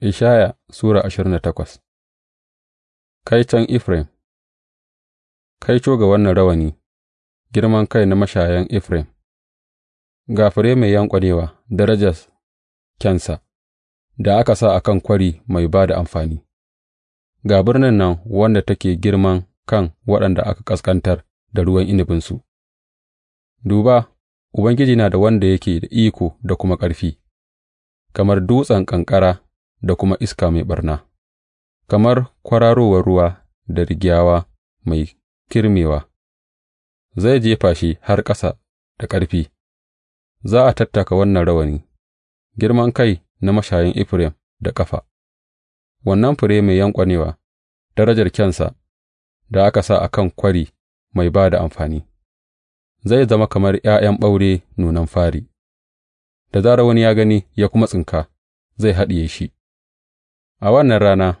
Ishaya Sura ashirin da takwas Kaiton Efraim kaico ga wannan rawani, girman kai na mashayan Efraim, ga fure mai yankwanewa, darajas kyansa, da aka sa a kan kwari mai ba da amfani, ga birnin nan wanda take girman kan waɗanda aka ƙasƙantar da ruwan inibinsu Duba, Ubangiji na da wanda yake da iko da kuma ƙarfi, kamar dutsen ƙanƙara da kuma iska mai ɓarna, kamar kwararowar ruwa da rigyawa mai kirmewa, zai jefa shi har ƙasa da ƙarfi, za a tattaka wannan rawani, girman kai na mashayin Efraim da ƙafa, wannan fure mai yankwanewa, darajar kyansa da aka sa a kan kwari mai ba da amfani, zai zama kamar ’ya'yan ɓaure nunan fari, da zarar wani ya gani ya kuma tsinka, zai haɗiye shi. A wannan rana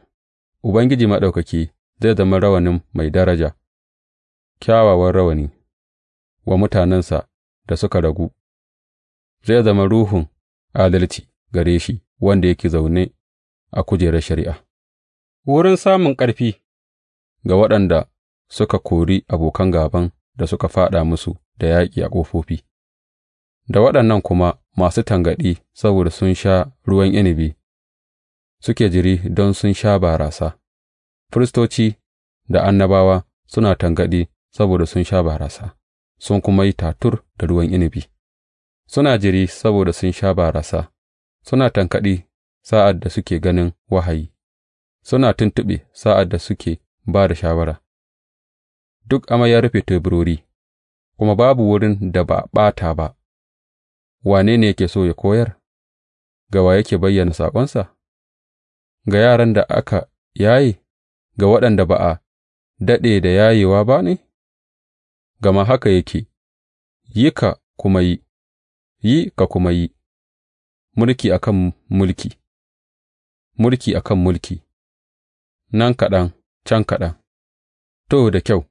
Ubangiji Maɗaukaki zai zama rawanin mai daraja, kyawawan rawani wa mutanensa da suka ragu, zai zama ruhun adalci gare shi wanda yake zaune a kujerar shari'a, wurin samun ƙarfi ga waɗanda suka kori abokan gaban da suka fāɗa musu da yaƙi a ƙofofi, da waɗannan kuma masu tangaɗi saboda sun sha ruwan inabi suke jiri don sun sha barasa, firistoci da annabawa suna tangaɗi saboda sun sha barasa, sun kuma yi tatur da ruwan inabi, suna jiri saboda sun sha barasa, suna tankaɗi sa'ad da suke ganin wahayi, suna tuntuɓe sa'ad da suke ba da shawara, duk amai ya rufe teburori, kuma babu wurin da ba ɓata ba, wane ne yake so ya koyar, gawa yake bayyana saƙonsa? ga yaran da aka yaye, ga waɗanda ba a daɗe da yayewa ba ne? Gama haka yake, yi ka kuma yi, yi ka kuma yi, mulki a kan mulki, mulki a kan mulki, nan kaɗan, can kaɗan, to da kyau,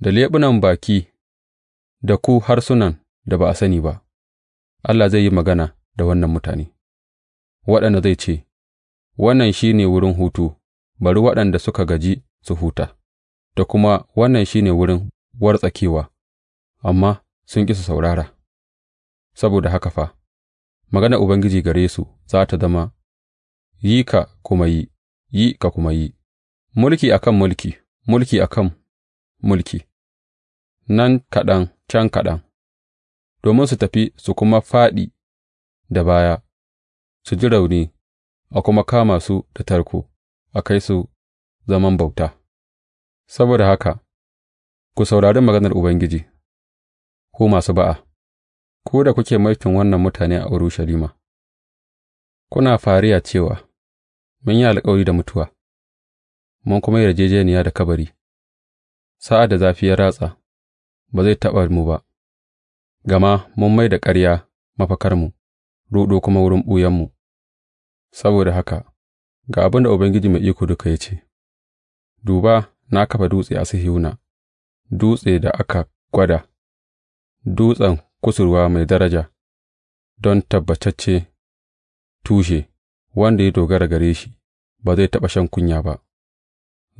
da leɓunan baki da ku harsunan da ba a sani ba, Allah zai yi magana da wannan mutane, waɗanda zai ce, Wannan shi ne wurin hutu, bari waɗanda suka gaji su huta, da kuma wannan shi ne wurin wartsakewa, amma sun ƙi su saurara, saboda haka fa, magana Ubangiji gare su za tă zama, Yi ka kuma yi, yi ka kuma yi, mulki a kan mulki, mulki a kan mulki, nan kaɗan, can kaɗan, domin su tafi su kuma fāɗi da baya, su ji rauni. a kuma kama su da tarko, a kai su zaman bauta. Saboda haka, ku saurari maganar Ubangiji, ku masu ba'a, ku da kuke mulkin wannan mutane a Urushalima, kuna fariya cewa, Mun yi alkawari da mutuwa, mun kuma yarjejeniya da kabari, sa'ad da zafi ya ratsa, ba zai taɓa mu ba, gama mun mai da ƙarya mafakarmu, ruɗo kuma wurin ɓuyanmu. Saboda haka, ga abin da Ubangiji Mai Iko Duka ya ce, Duba, na kafa dutse a Sihiyuna, dutse da aka gwada, dutsen kusurwa mai daraja, don tabbatacce tushe, wanda ya dogara gare shi, ba zai taɓa shan kunya ba.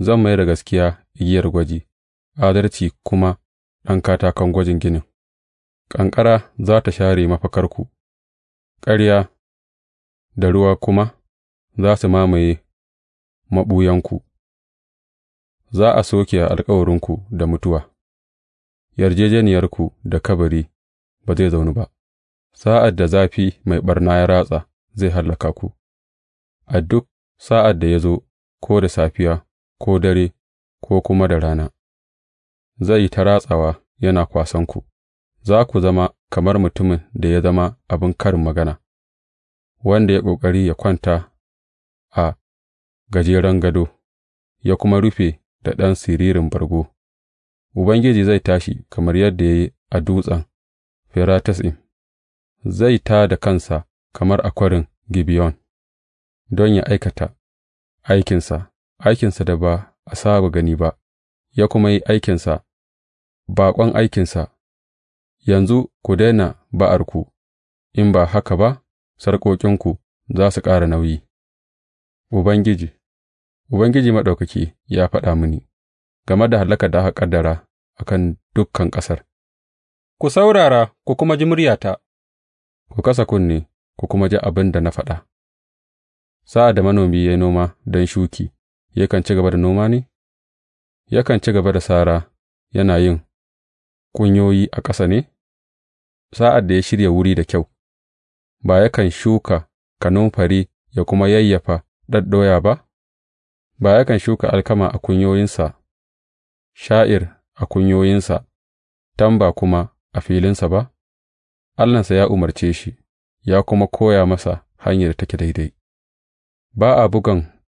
Zan mai da gaskiya igiyar gwaji, adalci kuma ɗan katakon gwajin ginin. Ƙanƙara za ta share mafakarku, ƙarya da ruwa kuma za su mamaye maɓuyanku, za a soke alkawarinku da mutuwa, Yarjejeniyarku da kabari ba zai zaunu ba, sa'ad da zafi mai ɓarna ya ratsa zai hallaka ku, a duk sa'ad da ya zo ko da safiya ko dare ko kuma da rana, zai yi ta ratsawa yana kwasanku, za ku zama kamar mutumin da ya zama abin karin magana. wanda ya ƙoƙari ya kwanta a gajeren gado, ya kuma rufe da ɗan siririn bargo, Ubangiji zai tashi kamar yadda ya yi a dutsen Feratas'im, zai tā da kansa kamar a kwarin Gibeon, don ya aikata aikinsa, aikinsa da ba a saba gani ba, ya kuma yi aikinsa, baƙon aikinsa, yanzu ku daina ba'arku, in ba haka ba. sarƙoƙinku za su ƙara nauyi. Ubangiji, Ubangiji Maɗaukaki ya faɗa mini game da hallakar da aka ƙaddara a kan dukan ƙasar, Ku saurara ku kuma ji muryata, ku kasa kunne ku kuma ji abin da na faɗa. Sa'ad da manomi ya noma don shuki, yakan ci gaba da noma ne? Yakan ci gaba da sara yana yin kunyoyi a ƙasa ne? Sa'ad da ya shirya wuri da kyau, ba yakan shuka kanumfari ya kuma yayyafa ɗaɗɗoya ba? Ba yakan shuka alkama a kunyoyinsa, sha'ir a kunyoyinsa, tamba kuma a filinsa ba? Allahnsa ya umarce shi, ya kuma koya masa hanyar take daidai. Ba a bugan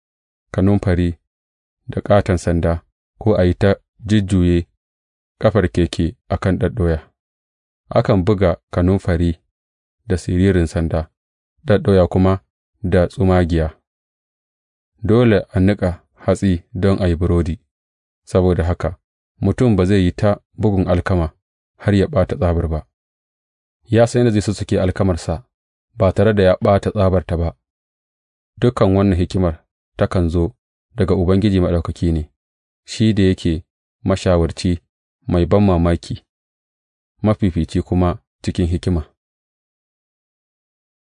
kanumfari da ƙaton sanda, ko a yi ta jujjuye ƙafar keke a kan ɗaɗɗoya, akan buga kanumfari da siririn sanda, ɗaɗɗoya kuma da tsumagiya. Dole a niƙa hatsi don a yi burodi, saboda haka mutum ba zai yi ta bugun alkama har ya ɓata tsabar ba, ya san yadda zai suke alkamarsa ba tare da ya ɓata tsabarta ba, dukan wannan hikimar takan zo daga Ubangiji Maɗaukaki ne, shi da yake mashawarci mai ban mamaki, mafifici kuma cikin hikima.